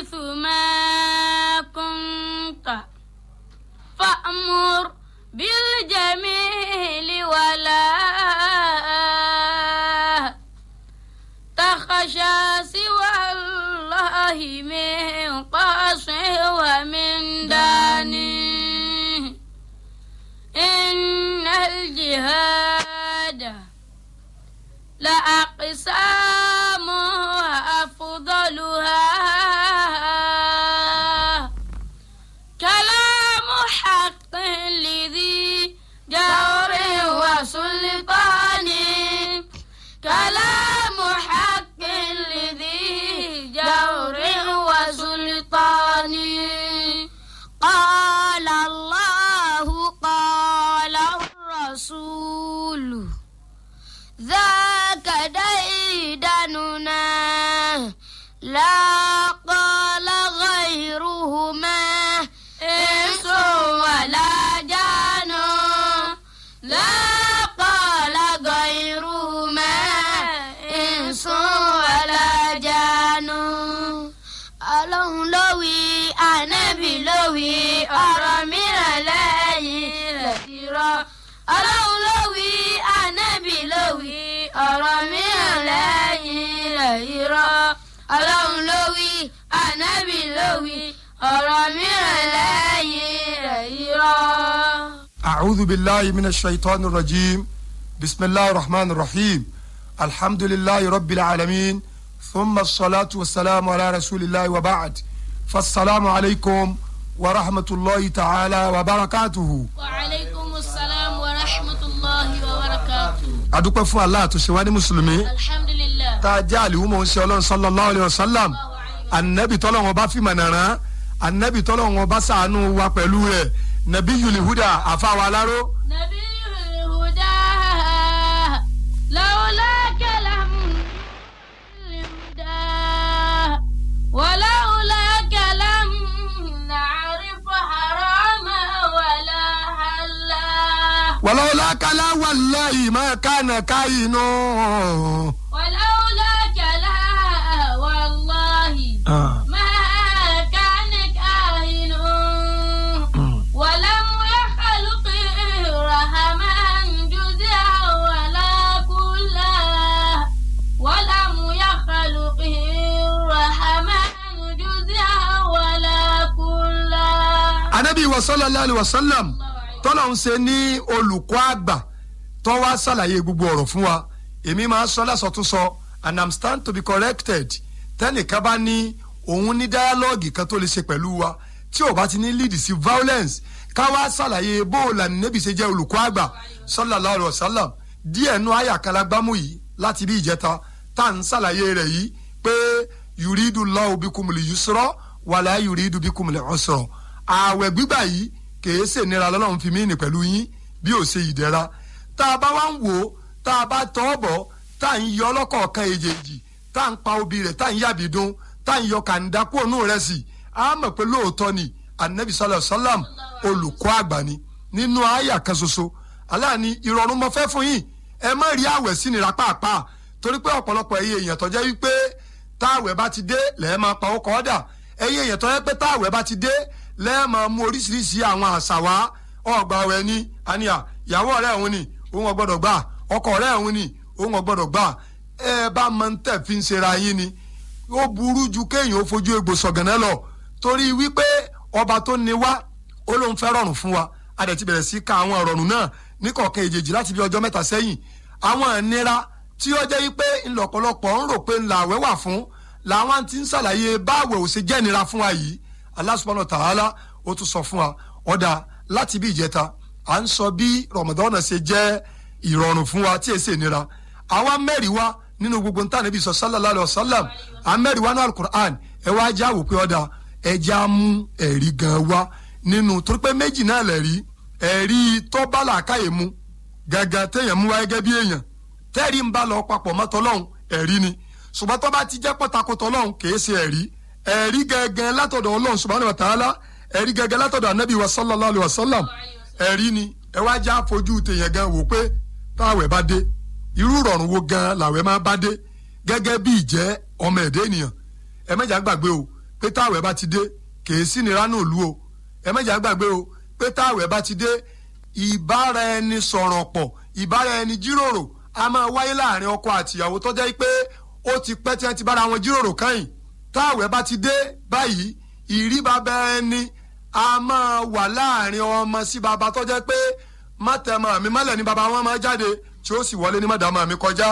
حيث ما كنت فأمر بالجميل ولا تخشى سوى الله من قاص ومن داني إن الجهاد لأقسام The أعوذ بالله من الشيطان الرجيم بسم الله الرحمن الرحيم الحمد لله رب العالمين ثم الصلاة والسلام على رسول الله وبعد فالسلام عليكم ورحمة الله تعالى وبركاته وعليكم السلام ورحمة الله وبركاته adúpẹ́ fún Allah tó ṣe wá ní mùsùlùmí alhamdulillah صلى الله عليه وسلم النبي ṣe ọlọ́run sallallahu النبي wa sallam anabi nabiyul huda àfàwọn aláró. nabiyul huda lawla kalam limda walawla kalam na'rifu harama wala halla. walawla kalam wallahi ma kana kainu. wa sallallahu alayhi wa sallam tọ́lá ń ṣe ní olùkọ́ àgbà tó wá ṣàlàyé gbogbo ọ̀rọ̀ fún wa èmi máa sọ lásọtúnsọ and i'm stand to be corrected tẹ́nìkan bá ní òun ní dáyálọ́ọ̀gì kan tó lè ṣe pẹ̀lú wa tí ò bá ti ní lead sí violence ká wá ṣàlàyé bóòlà níbi ṣe jẹ́ olùkọ́ àgbà sallallahu alayhi wa sallam díẹ̀ nú àyà kalagbámú yìí láti bí ìjẹta tá à ń ṣàlàyé rẹ̀ yìí pé yuridu Allahu bikumul yusra wala yuridu bikumul usra ààwẹ̀ gbígbà yìí kèé ṣènira lọ́lọ́run fi mí nì pẹ̀lú yín bí ò ṣe ìdẹ́ra tá a bá wá ń wò ó tá a bá tọ́ ọ bọ̀ tá à ń yọ ọlọ́kọ̀ọ̀kan èjèèjì tá ń pa obì rẹ̀ tá ń dún tá ń yọ a mọ̀ pé lóòótọ́ ni anabi alayhi wa sallam olùkọ́ àgbà ni nínú àyà kan nira pàápàá torí pé ọ̀pọ̀lọpọ̀ èèyàn tó jẹ́ wípé táwẹ̀ bá ti dé lẹ́ẹ̀ máa pa ọkọ̀ ọ̀dà lẹ́ẹ̀mọ̀ mú oríṣiríṣi àwọn àṣà wá ọgbà ọ̀rẹ́ ní àníyà ìyàwó ọ̀rẹ́ òun ni òun ọgbọ́dọ̀ gbà ọkọ ọ̀rẹ́ òun ni òun ọgbọ́dọ̀ gbà ẹ bá mọ ń tẹ̀ fi ń ṣera yín ni ó burú ju kéèyàn ó fojú egbò sọ̀gànnà lọ torí wípé ọba tó ní wá ó lóun fẹ́ rọrùn fún wa a dẹ̀ ti bẹ̀rẹ̀ sí ka àwọn ọ̀rọ̀rùn náà ní kọ̀ọ̀kan èjèèjì láti bí ọjọ́ mẹ́ta sẹ́yìn àwọn ìnira tí ó jẹ́ wípé ńlọ̀pọ̀lọpọ̀ ń rò pé ńlá àwẹ̀ wà fún làwọn ti ń ṣàlàyé báwẹ̀ ò ṣe jẹ́ ìnira fún wa yìí Allah subhanahu wa ta'ala ó tún sọ fún wa ọ̀dà láti bí ìjẹta à ń sọ bí Ramadan ṣe jẹ́ ìrọ̀rùn fún wa tí èsè nira àwa mẹ́rìí wa nínú gbogbo nta níbi sọ sallallahu alayhi wa sallam à ń mẹ́rìí wa ní alukur'an ẹ wá já wò pé ọ̀dà ẹ já mú ẹ̀rí gan wa nínú torí pé méjì náà lẹ̀ rí ẹ̀rí tó bá làákàyè mu gàgà téèyàn mú wa gẹ́gẹ́ èèyàn tẹ́rì ń bá lọ papọ̀ mọ́ ẹ̀rí ni ṣùgbọ́n tó bá ti jẹ́ pọ́takò kèé ṣe ẹ̀rí ẹ̀rí gẹ́gẹ́ látọ̀dọ̀ ọlọ́run subhanahu wa ta'ala ẹ̀rí gẹ́gẹ́ látọ̀dọ̀ anabi wa sallallahu alayhi wa sallam ẹ̀rí ni ẹ wá já fojú tèèyàn gan wò pé táwẹ̀ bá dé irú ìrọ̀rùn wo gan làwẹ̀ máa bá dé gẹ́gẹ́ bí ìjẹ́ ọmọ ẹ̀dẹ́ ènìyàn ẹ mẹ́jà gbàgbé o pé táwẹ̀ bá ti dé kèé sí nira náà lú o ẹ mẹ́jà gbàgbé o pé táwẹ̀ bá ti dé ìbára ẹni sọ̀rọ̀ pọ̀ ìbára ẹni jíròrò a máa wáyé láàrin ọkọ àtìyàwó tọ́jẹ́ pé ó ti pẹ́ tí wọ́n ti bára wọn jíròrò káyìn táwẹ̀ bá ti dé báyìí ìríbàbà ẹni a máa wà láàrin ọmọ sí baba tó jẹ́ pé mọ́tẹ̀mọ́ mi mọ́lẹ̀ ni baba wọn máa jáde tí ó sì wọlé ní mọ̀dàmọ́ mi kọjá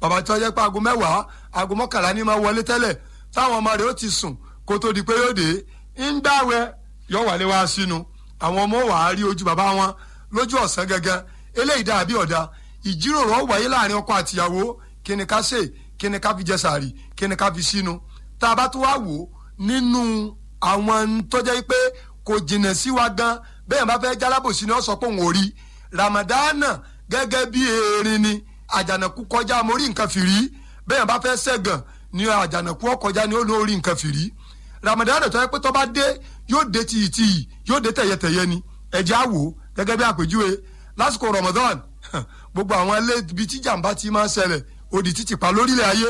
baba tó jẹ́ pé aago mẹ́wàá aago mọ́kànlá ni máa wọlé tẹ́lẹ̀ táwọn ọmọ rẹ̀ ó ti sùn kó tó di pé yóò dé ń gbàwẹ̀ yọ wàlé wá sínú àwọn ọmọ wàá rí ojú baba wọn lójú ọ̀sán gẹ́gẹ́ eléyìí dà bí ọ̀dà ìjíròrò wáyé láàrin ọkọ àtìyàwó kíni ká ṣe kíni ká fi jẹ sàárì kíni ká fi sínú tá a bá tún wá wò nínú àwọn tó jẹ́ pé kò jìnnà sí wa gan bẹ́ẹ̀ bá fẹ́ jálábòsí ni wọ́n sọ pé òun ò rí ramadana gẹ́gẹ́ bí erin ni àjànàkú kọjá mo rí nǹkan fìrí bẹ́ẹ̀ bá fẹ́ ṣẹ̀gàn ni àjànàkú ọkọjá ni ó ló rí nǹkan fìrí ramadana tó pé tó bá dé yóò dé tìyìtìyì yóò dé tẹ̀yẹtẹ̀yẹ ni ẹ̀jẹ̀ á wò gẹ́gẹ́ bí àpèjúwe lásìkò ramadan gbogbo àwọn ilé ibi tí jàǹbá ti máa ń ṣẹlẹ̀ òdì títì pa lórílẹ̀ ayé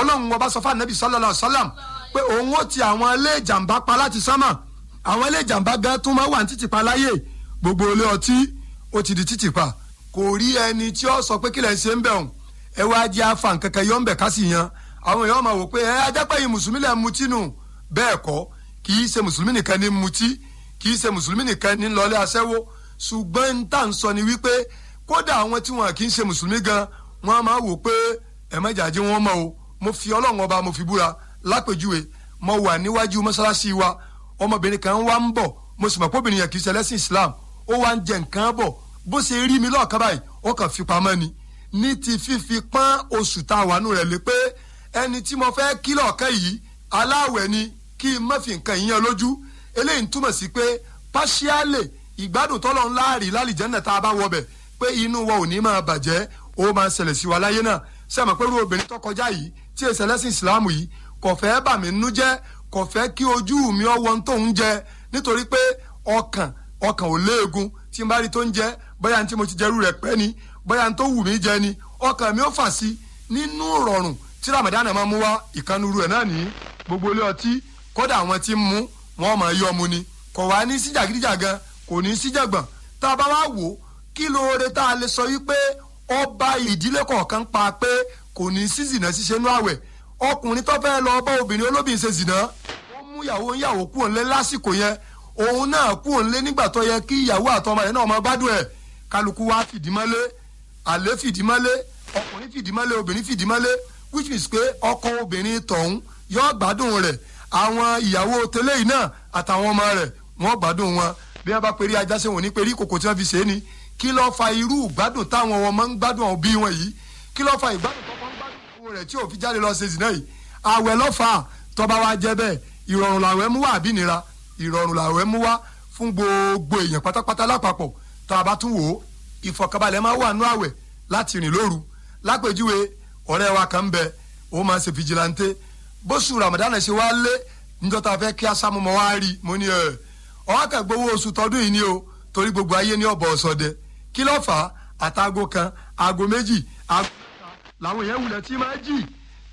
ọlọ́run ọba sọ fún anabi sallallahu alaihi wasallam pé òun ó ti àwọn ilé ìjàmbá pa láti sánmà àwọn ilé ìjàmbá gan tún máa wà ní títì pa láyè gbogbo ilé ọtí ó ti di títì pa kò rí ẹni tí ó sọ pé kílẹ̀ ń ṣe ń bẹ̀ ọ̀hún ẹ wá jẹ́ afa nkankan yọ̀ ń bẹ̀ ká sì yan àwọn èèyàn máa wò pé ẹ ajápẹ́ yìí mùsùlùmí lẹ̀ ń mutí nù bẹ́ẹ̀ kọ́ kì í ṣe mùsùlùmí nìkan ní mutí kì í ṣe mùsùlùmí nìkan ní lọlé aṣẹ́wó ṣùgbọ́n ń tà ń sọ ni wípé kódà àwọn tí wọn kì í ṣe mùsùlùmí gan wọn máa wò pé ẹ mẹ́jà wọn mọ́ o mo fi ọlọ́run ọba mo fi búra lápèjúwe mo wà níwájú mọ́ṣáláṣí wa ọmọbìnrin kan wá ń bọ̀ mo sì mọ̀ pé obìnrin yẹn kì í ṣẹlẹ́sìn Islam ó wá ń jẹ nǹkan bọ̀ bó ṣe rí mi lọ́ọ̀kan báyìí ó kàn fi pamọ́ ni ní ti fífi pọ́n oṣù tá a wà nù rẹ̀ lé pé ẹni tí mo fẹ́ kí lọ́ọ̀kan yìí aláwẹ̀ ni kí n má fi nǹkan ìyẹn lójú eléyìí túmọ̀ sí pé pàṣíálè ìgbádùn tọ́lọ́ ńlá lálìjẹ́nà tá a bá wọ pé inú wa ò ní máa bàjẹ́ ó máa ṣẹlẹ̀ sí wa láyé náà sẹ́mi pé irú obìnrin tó yìí tí èsì ẹlẹ́sìn ìsìláàmù yìí kò fẹ́ bà mí nínú jẹ́ kò fẹ́ kí ojú mi ọwọ́ tó ń jẹ nítorí pé ọkàn ọkàn ò léegun tí n bá rí tó ń jẹ bóyá ní tí mo ti jẹrú rẹ̀ pẹ́ ni bóyá ní tó wù mí jẹ ni ọkàn mi ó fà sí nínú rọrùn tí Ramadan máa mú wá ìkanuru ẹ̀ náà ní gbogbo ilé ọtí kódà àwọn tí ń mú wọn máa yọ ọmú ni kò wá ní síjàgídíjàgan kò ní síjàgbọ̀n tá a bá wá wò kí lóore tá a lè sọ wípé ọba ìdílé kọ̀ọ̀kan pa pé kò ní sí zìnà ṣíṣe nú àwẹ̀ ọkùnrin tó fẹ́ lọ bá obìnrin olóbìn ṣe zìnà wọ́n mú ìyàwó ìyàwó kúrò ńlẹ̀ lásìkò yẹn òun náà kúrò ńlẹ̀ nígbà tó yẹ kí ìyàwó àtọmọ rẹ̀ náà mọ gbádùn ẹ̀ kálukú wa fìdí mọ́lé àlè fìdí mọ́lé ọkùnrin fìdí mọ́lé obìnrin fìdí mọ́lé which means pé ọkọ obìnrin tọ̀hún yọ gbádùn rẹ̀ àwọn ìyàwó tẹ́lẹ̀ yìí náà àtàwọn ọmọ rẹ̀ wọ́n gbádùn wọn bí wọ́n bá perí ajá ṣe wọ́n ní perí kòkò tí wọ́n fi ṣe é ni kí ló fa irú ìgbádùn táwọn ọmọ ń gbádùn àwọn òbí wọn yìí kí ló fa ìgbádùn tó rẹ̀ tí ò fi jáde lọ ṣe zìnà yìí àwẹ̀ lọ́fà tọ́ba wa jẹ́ bẹ́ẹ̀ ìrọ̀rùn làwẹ̀ mú wá àbí nira ìrọ̀rùn làwẹ̀ mú wá fún gbogbo èèyàn pátápátá lápapọ̀ tá a bá tún wò ó ìfọ̀kànbalẹ̀ máa wà nú àwẹ̀ láti rìn lóru lápèjúwe ọ̀rẹ́ wa kan bẹ ó máa ṣe fìjìláńtẹ́ bóṣù ramadan ṣe wá lé níjọ́ tá a fẹ́ kí asámu mọ́ wá rí mo ní ẹ̀ ọ̀hún àkàgbowó oṣù tọdún yìí ni o torí gbogbo ayé ní ọ̀bọ̀ ọ̀sọ̀dẹ kí ló fà á àtàgò kan àgò méjì àgò làwọn yẹn wulẹ̀ tí máa jì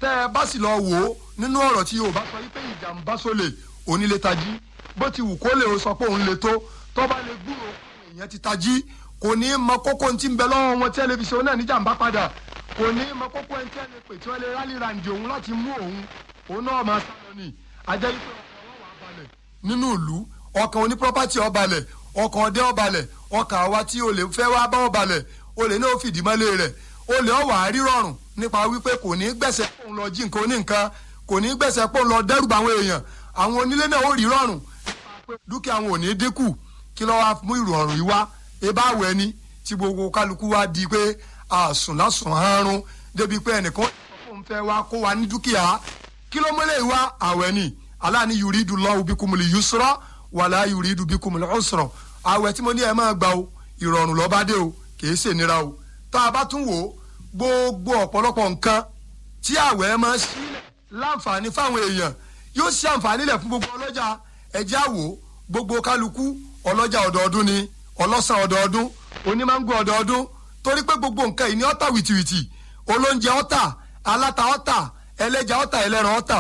tẹ́ ẹ bá sì lọ wò ó nínú ọ̀rọ̀ tí Yorùbá sọ wípé ìjàmbá sólè òní lè tají bó ti wù kó lè o sọ pé òun lè tó tó bá lè gbúrò èèyàn ti tají kò ní í mọ kókó ti ń bẹ lọ́wọ́ wọn tí ẹlẹ́fisẹ́ náà níjàmbá padà kò ní í mọ kókó ẹni tí ẹlẹ́pẹ̀ tí wọ́n lè rálì ràǹdì òun láti mú òun òun náà máa sá lọ nì ajẹ́ wípé ọkàn wọn wà balẹ̀ nínú ìlú ọkàn oní olè ọ̀wà rírọ̀rùn nípa wípé kò ní gbẹ̀sẹ̀ pò ń lọ jí nǹkan oníǹkan kò ní gbẹ̀sẹ̀ pò ń lọ dẹ́rùbà àwọn èèyàn àwọn onílé náà ó rírọ̀rùn dúkìá àwọn ò ní dínkù kí ló wá mú ìrọ̀rùn yìí wá ebá àwọ̀ ẹni tí gbogbo kálukú wá di pé àsùn lásùn àárún débi pé ẹnìkan òun fẹ́ wá kó wa ní dúkìá kí ló mọ́lẹ̀ wá àwọ̀ ẹni aláàní yuridu llahu bikumul yusra wala yuridu bikumul usra àwẹ̀ tí mo ní ẹ máa gbà o ìrọ̀rùn lọ́ba dé o kì í ṣènira o tá a bá tún wò ó gbogbo ọ̀pọ̀lọpọ̀ nǹkan tí àwẹ̀ máa ń sílẹ̀ láǹfààní fáwọn èèyàn yóò ṣe àǹfààní lẹ̀ fún gbogbo ọlọ́jà ẹ̀jẹ̀ àwò gbogbo kálukú ọlọ́jà ọ̀dọọdún ni ọlọ́sàn ọ̀dọọdún onímángò ọ̀dọọdún torí pé gbogbo nǹkan yìí ní ọ̀tà wìtìwìtì olóúnjẹ ọ̀tà aláta ọ̀tà ẹlẹ́ja ọ̀tà ẹlẹ́ran ọ̀tà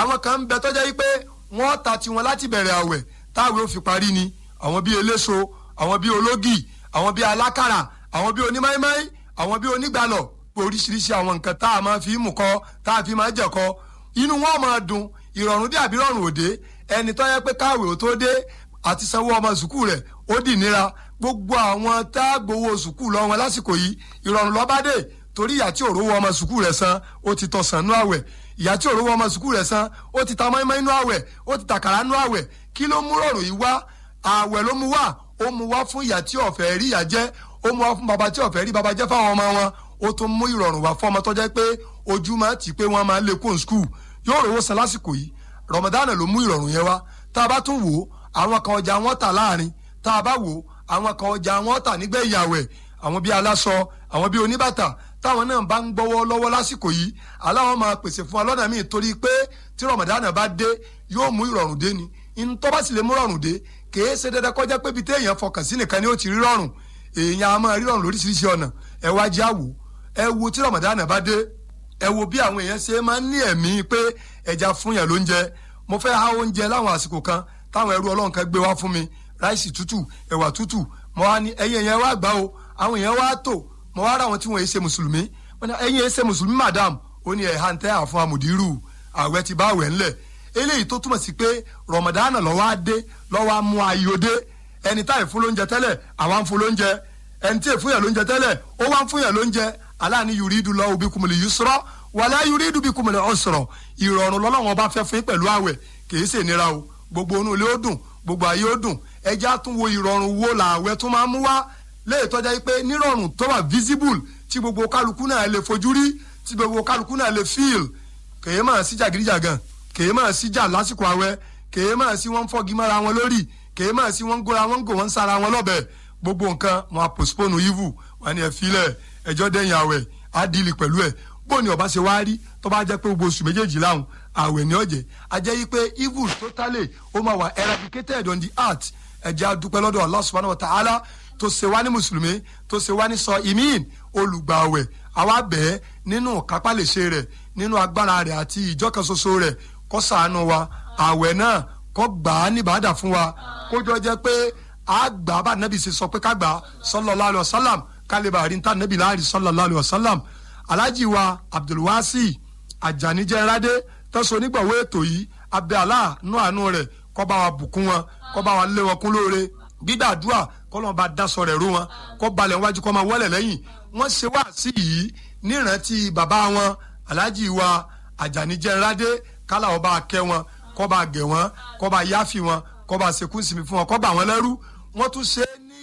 àwọn kan ń bẹ tọ́jà yìí pé wọ́n ta tiwọn láti bẹ̀rẹ̀ àwẹ̀ táwọn ò fi parí ni àwọn bíi eléso àwọn bíi ológì àwọn bíi alákàrà àwọn bíi onímáímáí àwọn bíi onígbàlọ̀ pé oríṣiríṣi àwọn nǹkan tá a máa fi mú kọ tá a fi máa jẹ̀kọ inú wọn máa dùn ìrọ̀rùn dé àbí rọ̀rùn òde ẹni tó yẹ pé káwé ò tó dé àti sanwó ọmọ sùkúù rẹ̀ ó dì níra gbogbo àwọn tá a gbowó sùkúù lọ wọn lásìkò yìí ìrọ̀rùn ló dé torí ìyá tí òrówó ọmọ sùkúù rẹ̀ san ó ti tọ̀ sàn nú àwẹ̀ ìyá tí òrówó ọmọ sùkúù rẹ̀ san ó ti ta mọ́ínmọ́ inú àwẹ̀ ó ti ó mú wá fún baba tí ọ̀fẹ́ rí baba jẹ́ fáwọn ọmọ wọn ó tún mú ìrọ̀rùn wá fún ọmọ tó pé ojú máa ti pé wọ́n máa lè kún skul yóò rówó san lásìkò yìí Ramadan ló mú ìrọ̀rùn yẹn wá tá a bá tún wò ó àwọn kan ọjà wọn tà láàrin tá a bá wò ó àwọn kan ọjà wọn tà nígbẹ́ ìyàwẹ̀ àwọn bíi aláṣọ àwọn bíi oníbàtà táwọn náà bá ń gbọ́wọ́ lọ́wọ́ lásìkò yìí aláwọ̀ máa pèsè fún wa lọ́nà míì torí pé tí Ramadan bá dé yóò mú ìrọ̀rùn dé ni ntọ́ bá sì lè mú ìrọ̀rùn dé kèé ṣe dandan kọjá pé bíi téèyàn fọkàn sí nìkan ni ó ti rí rọ̀rùn èèyàn a máa rí lóríṣiríṣi ọ̀nà ẹ wá jẹ́ ẹ wo tí ramadan bá dé ẹ wo bí àwọn èèyàn ṣe máa ń ní ẹ̀mí pé ẹja fún yàn lóúnjẹ mo fẹ́ oúnjẹ láwọn àsìkò kan táwọn ẹrú ọlọ́run gbé wá fún mi ráìsì tútù ẹ̀wà tútù mo wá ní ẹyin wá o àwọn èèyàn wá wọn tí wọn ṣe mùsùlùmí madam ó ní ẹ̀hà tẹ́ àfún amòdìrú àwẹ̀ ti bá àwẹ̀ ńlẹ̀ eléyìí tó ramadan lọ́wọ́ lọ́wọ́ ẹni táyì fún lóúnjẹ tẹ́lẹ̀ àwa ń fún lóúnjẹ ẹni tí èfún yẹn lóúnjẹ tẹ́lẹ̀ ó wá ń fún yẹn lóúnjẹ aláàní yuridu lọ òbí kùmìlì yusra wàlá yuridu bí kùmìlì usra ìrọ̀rùn lọ́lọ́wọ́n bá fẹ́ fún yín pẹ̀lú àwẹ̀ kìí ṣe nira o gbogbo onú ilé ó dùn gbogbo ayé ó dùn ẹjẹ́ á tún ìrọ̀rùn wo làwẹ̀ tún máa mú wá léètọ́jà yìí pé nírọ̀rùn tó wà visible tí gbogbo kálukú náà lè fojú rí tí gbogbo kálukú náà lè feel kèé máa sí jàgídíjàgàn kèé máa sí jà lásìkò àwẹ̀ kèé máa sí wọn fọ́gi mọ́ra wọn lórí kèé máa sí wọ́n ń góra wọ́n ń gò wọ́n ń sara wọn lọ́bẹ̀ gbogbo nǹkan wọn á postpone ivu wọn ni ẹ filẹ̀ ẹjọ́ dẹ̀yìn àwẹ̀ á dìlì pẹ̀lú ẹ̀ bó ni ọba ṣe wá rí tó bá jẹ́ pé gbogbo oṣù méjèèjì láwọn àwẹ̀ ní ọ̀jẹ̀ á jẹ́ yí pé ivu totally ó máa wà eradicated on the earth ẹ jẹ́ á dúpẹ́ lọ́dọ̀ Allah subhanahu wa ta'ala tó ṣe wá ní mùsùlùmí tó ṣe wá ní sọ imin olùgbàwẹ̀ àwa bẹ́ẹ̀ nínú kápálẹ̀ṣe rẹ̀ nínú agbára rẹ̀ àti ìjọkànṣoṣo rẹ̀ kó wa àwẹ̀ náà kó gbà á ní bàdà fún wa kójọ jẹ́ pé a gbà á bá nàbì ṣe sọ pé ká gbà á sallallahu alaihi wasallam kálí bàrí ń tà nàbì láàrin sallallahu alaihi wasallam alájì wa abdulwasi ajani jẹrade tẹsán onígbàwó ètò yìí abẹ àlá nú àánú rẹ̀ kó bá wa bùkún wọn kó bá wa lé wọn kún lóore gbígbàdúrà kọlọ́n bá daṣọ rẹ̀ ró wọn kó balẹ̀ wájú kó máa wọlé lẹ́yìn wọ́n ṣe wá sí yìí nírántí bàbá wọn aláàjì wa àjàníjẹ́ ńládé kálá ọba akẹ́ wọn kó bá gẹ̀ wọ́n kó bá yáfì wọn kó bá sekún sinmi fún wọn kó bá wọn lẹ́rú wọ́n tún ṣe é ní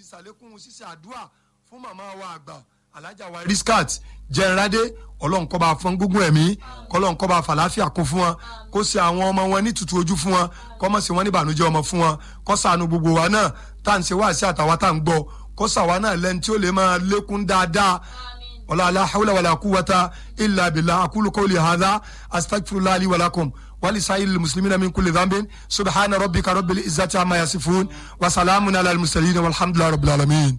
ìsàlékún ṣíṣe àdúrà fún màmá wa àgbà alájà wa riskat jẹnradé ọlọ́run kó bá fún gbogbo ẹ̀mí kọ́lọ́run kó bá fàlàáfíà kún fún wọn kó ṣe àwọn ọmọ wọn ní tutù ojú fún wọn kó má ṣe wọn ní ìbànújẹ́ ọmọ fún wọn kó ṣàánú gbogbo wa náà tá à ń ṣe wá sí àtàwa tá à ń gbọ́ kó ṣàwa náà lẹ́ni tí ó lè máa lékún dáadáa ọlọ́lá haúlẹ̀ wàlá kúwata ìlà bìlà akúlùkọ́ lè hàdá astagfirullah li walakum. ولسائر المسلمين من كل ذنب سبحان ربك رب العزة عما يصفون وسلام على المرسلين والحمد لله رب العالمين